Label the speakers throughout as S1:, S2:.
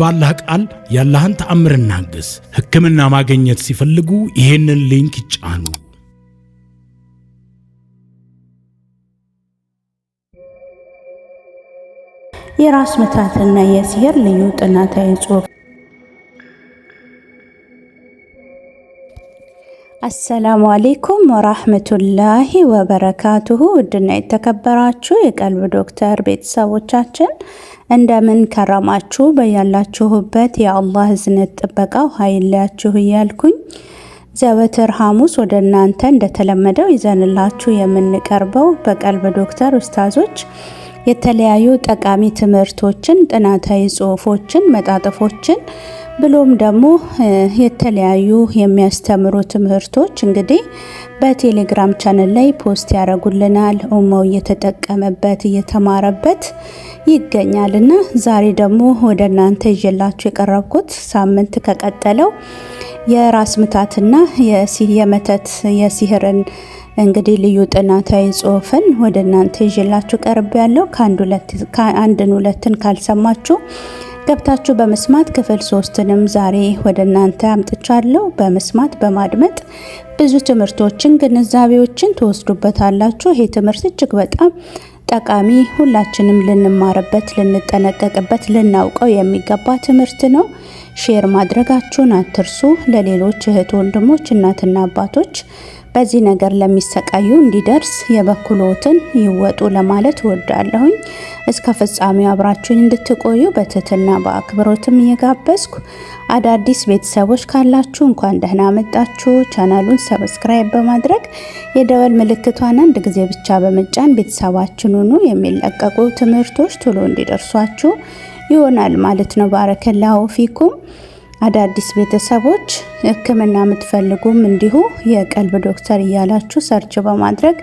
S1: ባላህ ቃል ያላህን ተአምር እናግስ። ሕክምና ማግኘት ሲፈልጉ ይሄንን ሊንክ ይጫኑ።
S2: የራስ ምታትና የሲህር ልዩ ጥናታዊ ጽሑፍ አሰላሙ አሌይኩም ወራህመቱላሂ ወበረካቱሁ። ውድና የተከበራችሁ የቀልብ ዶክተር ቤተሰቦቻችን እንደምን ከረማችሁ? በያላችሁበት የአላህ እዝነት ጥበቃው ሀይላችሁ እያልኩኝ ዘወትር ሐሙስ ወደ እናንተ እንደተለመደው ይዘንላችሁ የምንቀርበው በቀልብ ዶክተር ኡስታዞች የተለያዩ ጠቃሚ ትምህርቶችን፣ ጥናታዊ ጽሁፎችን መጣጥፎችን ብሎም ደግሞ የተለያዩ የሚያስተምሩ ትምህርቶች እንግዲህ በቴሌግራም ቻነል ላይ ፖስት ያደርጉልናል። ኡማው እየተጠቀመበት እየተማረበት ይገኛል እና ዛሬ ደግሞ ወደ እናንተ ይዤላችሁ የቀረብኩት ሳምንት ከቀጠለው የራስ ምታትና የመተት የሲህርን እንግዲህ ልዩ ጥናታዊ ጽሁፍን ወደ እናንተ ይዤላችሁ ቀርብ ያለው ከአንድን ሁለትን ካልሰማችሁ ገብታችሁ በመስማት ክፍል ሶስትንም ዛሬ ወደ እናንተ አምጥቻለሁ። በመስማት በማድመጥ ብዙ ትምህርቶችን ግንዛቤዎችን ትወስዱበታላችሁ። ይሄ ትምህርት እጅግ በጣም ጠቃሚ ሁላችንም ልንማርበት ልንጠነቀቅበት ልናውቀው የሚገባ ትምህርት ነው። ሼር ማድረጋችሁን አትርሱ። ለሌሎች እህት ወንድሞች፣ እናትና አባቶች በዚህ ነገር ለሚሰቃዩ እንዲደርስ የበኩሎትን ይወጡ ለማለት እወዳለሁኝ። እስከ ፍጻሜው አብራችሁኝ እንድትቆዩ በትህትና በአክብሮትም እየጋበዝኩ አዳዲስ ቤተሰቦች ካላችሁ እንኳን ደህና መጣችሁ። ቻናሉን ሰብስክራይብ በማድረግ የደወል ምልክቷን አንድ ጊዜ ብቻ በመጫን ቤተሰባችን ሁኑ። የሚለቀቁ ትምህርቶች ቶሎ እንዲደርሷችሁ ይሆናል ማለት ነው። ባረከላሁ ፊኩም አዳዲስ ቤተሰቦች ሕክምና የምትፈልጉም እንዲሁ የቀልብ ዶክተር እያላችሁ ሰርች በማድረግ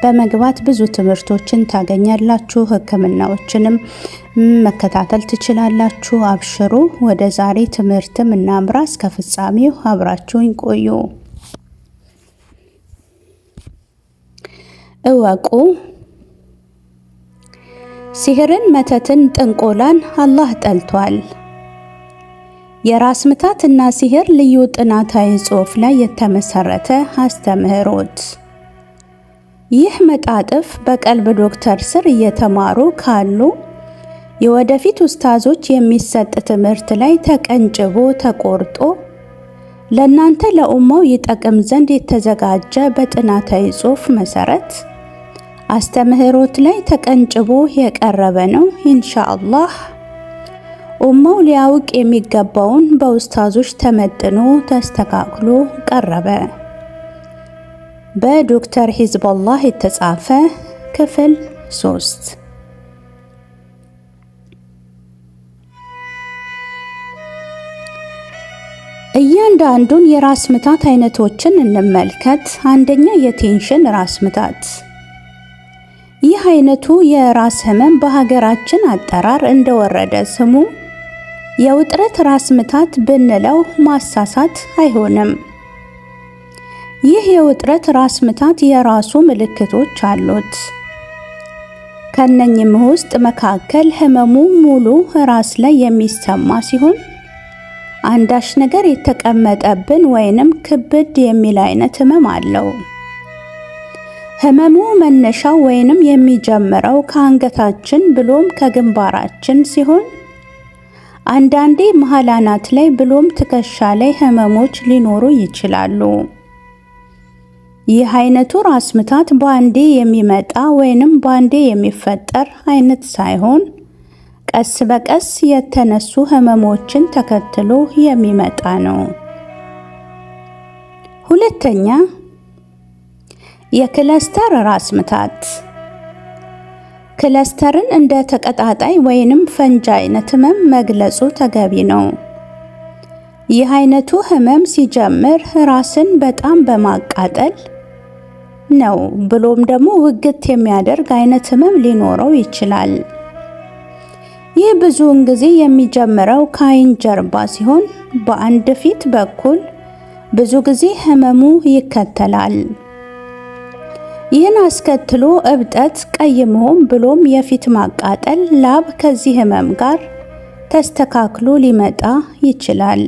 S2: በመግባት ብዙ ትምህርቶችን ታገኛላችሁ። ሕክምናዎችንም መከታተል ትችላላችሁ። አብሽሩ። ወደ ዛሬ ትምህርትም እናምራ። እስከ ፍጻሜው አብራችሁኝ ቆዩ። እወቁ ሲህርን፣ መተትን፣ ጥንቆላን አላህ ጠልቷል። የራስ ምታት እና ሲህር ልዩ ጥናታዊ ጽሑፍ ላይ የተመሰረተ አስተምህሮት። ይህ መጣጥፍ በቀልብ ዶክተር ስር እየተማሩ ካሉ የወደፊት ውስታዞች የሚሰጥ ትምህርት ላይ ተቀንጭቦ ተቆርጦ ለእናንተ ለኡማው ይጠቅም ዘንድ የተዘጋጀ በጥናታዊ ጽሑፍ መሰረት አስተምህሮት ላይ ተቀንጭቦ የቀረበ ነው ኢንሻአላህ። ኡማው ሊያውቅ የሚገባውን በኡስታዞች ተመጥኖ ተስተካክሎ ቀረበ። በዶክተር ሂዝቦላህ የተጻፈ ክፍል ሶስት እያንዳንዱን የራስ ምታት አይነቶችን እንመልከት። አንደኛ፣ የቴንሽን ራስ ምታት። ይህ አይነቱ የራስ ህመም በሀገራችን አጠራር እንደወረደ ስሙ የውጥረት ራስ ምታት ብንለው ማሳሳት አይሆንም። ይህ የውጥረት ራስ ምታት የራሱ ምልክቶች አሉት። ከነኝም ውስጥ መካከል ህመሙ ሙሉ ራስ ላይ የሚሰማ ሲሆን አንዳች ነገር የተቀመጠብን ወይንም ክብድ የሚል አይነት ህመም አለው። ህመሙ መነሻው ወይንም የሚጀምረው ከአንገታችን ብሎም ከግንባራችን ሲሆን አንዳንዴ መሀል አናት ላይ ብሎም ትከሻ ላይ ህመሞች ሊኖሩ ይችላሉ። ይህ አይነቱ ራስ ምታት በአንዴ የሚመጣ ወይንም በአንዴ የሚፈጠር አይነት ሳይሆን ቀስ በቀስ የተነሱ ህመሞችን ተከትሎ የሚመጣ ነው። ሁለተኛ የክለስተር ራስ ምታት ክለስተርን እንደ ተቀጣጣይ ወይንም ፈንጃ አይነት ህመም መግለጹ ተገቢ ነው። ይህ አይነቱ ህመም ሲጀምር ራስን በጣም በማቃጠል ነው፣ ብሎም ደግሞ ውግት የሚያደርግ አይነት ህመም ሊኖረው ይችላል። ይህ ብዙውን ጊዜ የሚጀምረው ከአይን ጀርባ ሲሆን በአንድ ፊት በኩል ብዙ ጊዜ ህመሙ ይከተላል። ይህን አስከትሎ እብጠት፣ ቀይ መሆን ብሎም የፊት ማቃጠል፣ ላብ ከዚህ ህመም ጋር ተስተካክሎ ሊመጣ ይችላል።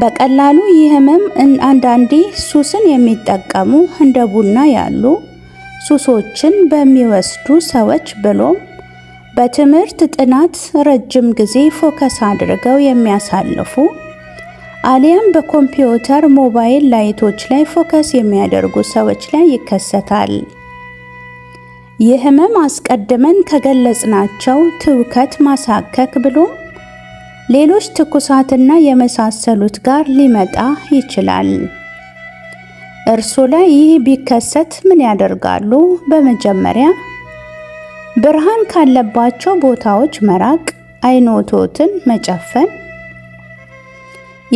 S2: በቀላሉ ይህ ህመም አንዳንዴ ሱስን የሚጠቀሙ እንደ ቡና ያሉ ሱሶችን በሚወስዱ ሰዎች ብሎም በትምህርት ጥናት ረጅም ጊዜ ፎከስ አድርገው የሚያሳልፉ አሊያም በኮምፒውተር ሞባይል ላይቶች ላይ ፎከስ የሚያደርጉ ሰዎች ላይ ይከሰታል። የህመም አስቀድመን ከገለጽናቸው ትውከት፣ ማሳከክ ብሎም ሌሎች ትኩሳትና የመሳሰሉት ጋር ሊመጣ ይችላል። እርሶ ላይ ይህ ቢከሰት ምን ያደርጋሉ? በመጀመሪያ ብርሃን ካለባቸው ቦታዎች መራቅ፣ አይኖቶትን መጨፈን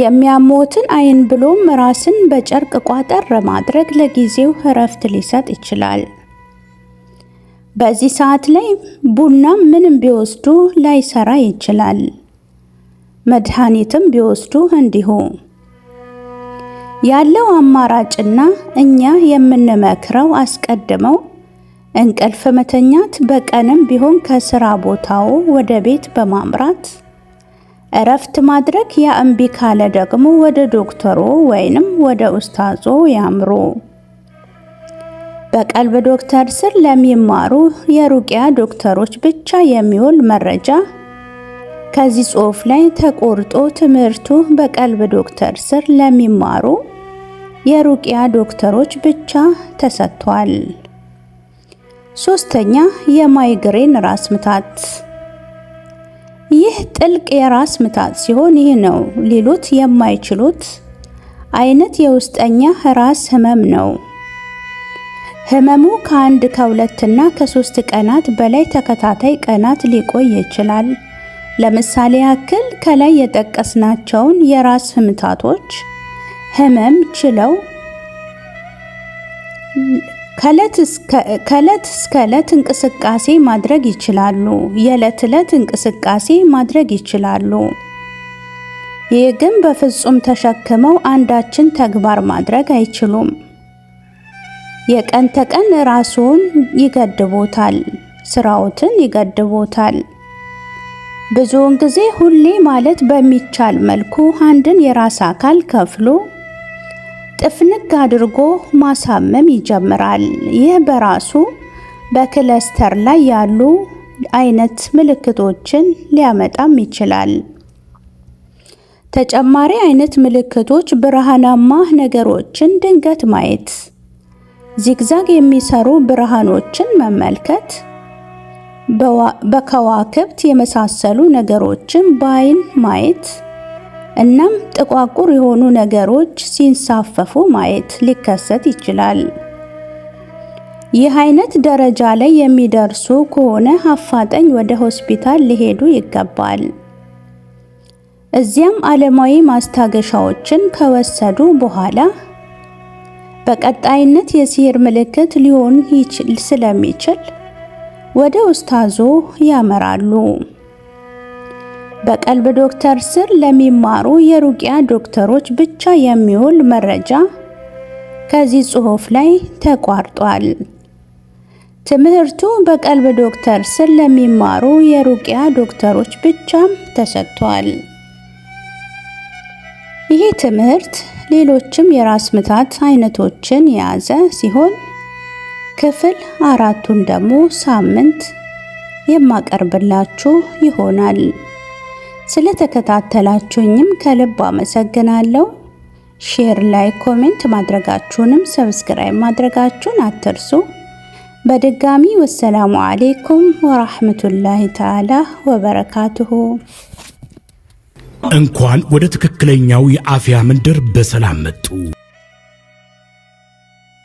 S2: የሚያሞትን አይን ብሎም ራስን በጨርቅ ቋጠር ማድረግ ለጊዜው እረፍት ሊሰጥ ይችላል። በዚህ ሰዓት ላይ ቡና ምንም ቢወስዱ ላይሰራ ይችላል። መድኃኒትም ቢወስዱ እንዲሁ ያለው አማራጭና እኛ የምንመክረው አስቀድመው እንቅልፍ መተኛት፣ በቀንም ቢሆን ከስራ ቦታው ወደ ቤት በማምራት እረፍት ማድረግ ያእምቢ ካለ ደግሞ ወደ ዶክተሩ ወይንም ወደ ኡስታዞ ያምሩ። በቀልብ ዶክተር ስር ለሚማሩ የሩቅያ ዶክተሮች ብቻ የሚውል መረጃ ከዚህ ጽሑፍ ላይ ተቆርጦ ትምህርቱ በቀልብ ዶክተር ስር ለሚማሩ የሩቅያ ዶክተሮች ብቻ ተሰጥቷል። ሶስተኛ የማይግሬን ራስ ምታት ይህ ጥልቅ የራስ ምታት ሲሆን ይህ ነው ሊሉት የማይችሉት አይነት የውስጠኛ ራስ ህመም ነው። ህመሙ ከአንድ ከሁለትና ከሶስት ቀናት በላይ ተከታታይ ቀናት ሊቆይ ይችላል። ለምሳሌ ያክል ከላይ የጠቀስናቸውን የራስ ምታቶች ህመም ችለው ከእለት እስከ እለት እንቅስቃሴ ማድረግ ይችላሉ። የእለት እለት እንቅስቃሴ ማድረግ ይችላሉ። ይህ ግን በፍጹም ተሸክመው አንዳችን ተግባር ማድረግ አይችሉም። የቀን ተቀን ራሱን ይገድቦታል፣ ስራዎትን ይገድቦታል። ብዙውን ጊዜ ሁሌ ማለት በሚቻል መልኩ አንድን የራስ አካል ከፍሎ ጥፍንግ አድርጎ ማሳመም ይጀምራል። ይህ በራሱ በክለስተር ላይ ያሉ አይነት ምልክቶችን ሊያመጣም ይችላል። ተጨማሪ አይነት ምልክቶች ብርሃናማ ነገሮችን ድንገት ማየት፣ ዚግዛግ የሚሰሩ ብርሃኖችን መመልከት፣ በከዋክብት የመሳሰሉ ነገሮችን በአይን ማየት እናም ጥቋቁር የሆኑ ነገሮች ሲንሳፈፉ ማየት ሊከሰት ይችላል። ይህ አይነት ደረጃ ላይ የሚደርሱ ከሆነ አፋጠኝ ወደ ሆስፒታል ሊሄዱ ይገባል። እዚያም ዓለማዊ ማስታገሻዎችን ከወሰዱ በኋላ በቀጣይነት የሲህር ምልክት ሊሆን ስለሚችል ወደ ኡስታዞ ያመራሉ። በቀልብ ዶክተር ስር ለሚማሩ የሩቂያ ዶክተሮች ብቻ የሚውል መረጃ ከዚህ ጽሑፍ ላይ ተቋርጧል። ትምህርቱ በቀልብ ዶክተር ስር ለሚማሩ የሩቂያ ዶክተሮች ብቻም ተሰጥቷል። ይህ ትምህርት ሌሎችም የራስ ምታት አይነቶችን የያዘ ሲሆን ክፍል አራቱን ደግሞ ሳምንት የማቀርብላችሁ ይሆናል። ስለተከታተላችሁኝም ከልብ አመሰግናለሁ። ሼር ላይ ኮሜንት ማድረጋችሁንም ሰብስክራይብ ማድረጋችሁን አትርሱ። በድጋሚ ወሰላሙ አሌይኩም ወራህመቱላሂ ተዓላ ወበረካቱሁ።
S1: እንኳን ወደ ትክክለኛው የአፍያ መንደር በሰላም መጡ።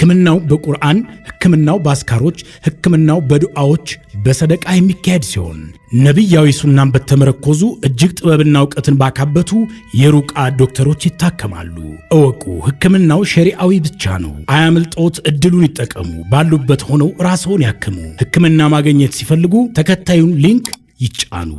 S1: ህክምናው በቁርአን፣ ህክምናው በአስካሮች፣ ህክምናው በዱዓዎች፣ በሰደቃ የሚካሄድ ሲሆን ነቢያዊ ሱናን በተመረኮዙ እጅግ ጥበብና እውቀትን ባካበቱ የሩቃ ዶክተሮች ይታከማሉ። እወቁ፣ ህክምናው ሸሪአዊ ብቻ ነው። አያምልጦት፣ እድሉን ይጠቀሙ። ባሉበት ሆነው ራስዎን ያክሙ። ህክምና ማግኘት ሲፈልጉ ተከታዩን ሊንክ ይጫኑ።